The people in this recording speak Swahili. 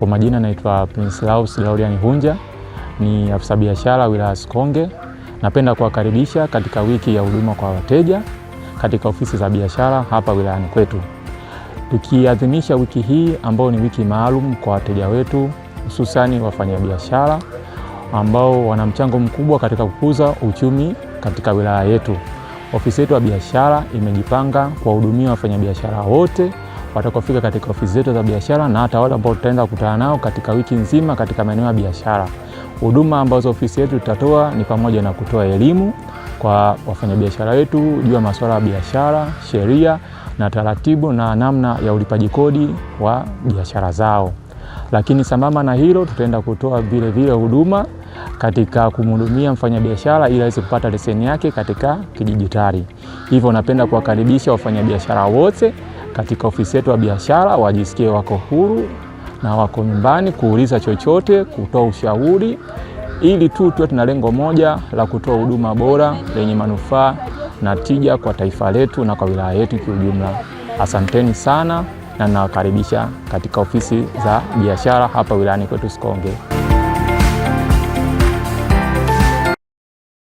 Kwa majina naitwa Prince Laus Laurian Hunja, ni afisa biashara wilaya Sikonge. Napenda kuwakaribisha katika wiki ya huduma kwa wateja katika ofisi za biashara hapa wilayani kwetu, tukiadhimisha wiki hii ambayo ni wiki maalum kwa wateja wetu, hususani wafanyabiashara ambao wana mchango mkubwa katika kukuza uchumi katika wilaya yetu. Ofisi yetu ya biashara imejipanga kuwahudumia wafanyabiashara wote watakaofika katika ofisi zetu za biashara na hata wale ambao tutaenda kukutana nao katika wiki nzima katika maeneo ya biashara. Huduma ambazo ofisi yetu tutatoa ni pamoja na kutoa elimu kwa wafanyabiashara wetu juu ya masuala ya biashara, sheria na taratibu na namna ya ulipaji kodi wa biashara zao. Lakini sambamba na hilo, tutaenda kutoa vile vile huduma katika kumhudumia mfanyabiashara ili aweze kupata leseni yake katika kidijitali. Hivyo napenda kuwakaribisha wafanyabiashara wote katika ofisi yetu ya biashara wajisikie wako huru na wako nyumbani kuuliza chochote, kutoa ushauri, ili tu tuwe tuna lengo moja la kutoa huduma bora lenye manufaa na tija kwa taifa letu na kwa wilaya yetu kiujumla. Asanteni sana na nawakaribisha katika ofisi za biashara hapa wilayani kwetu Sikonge.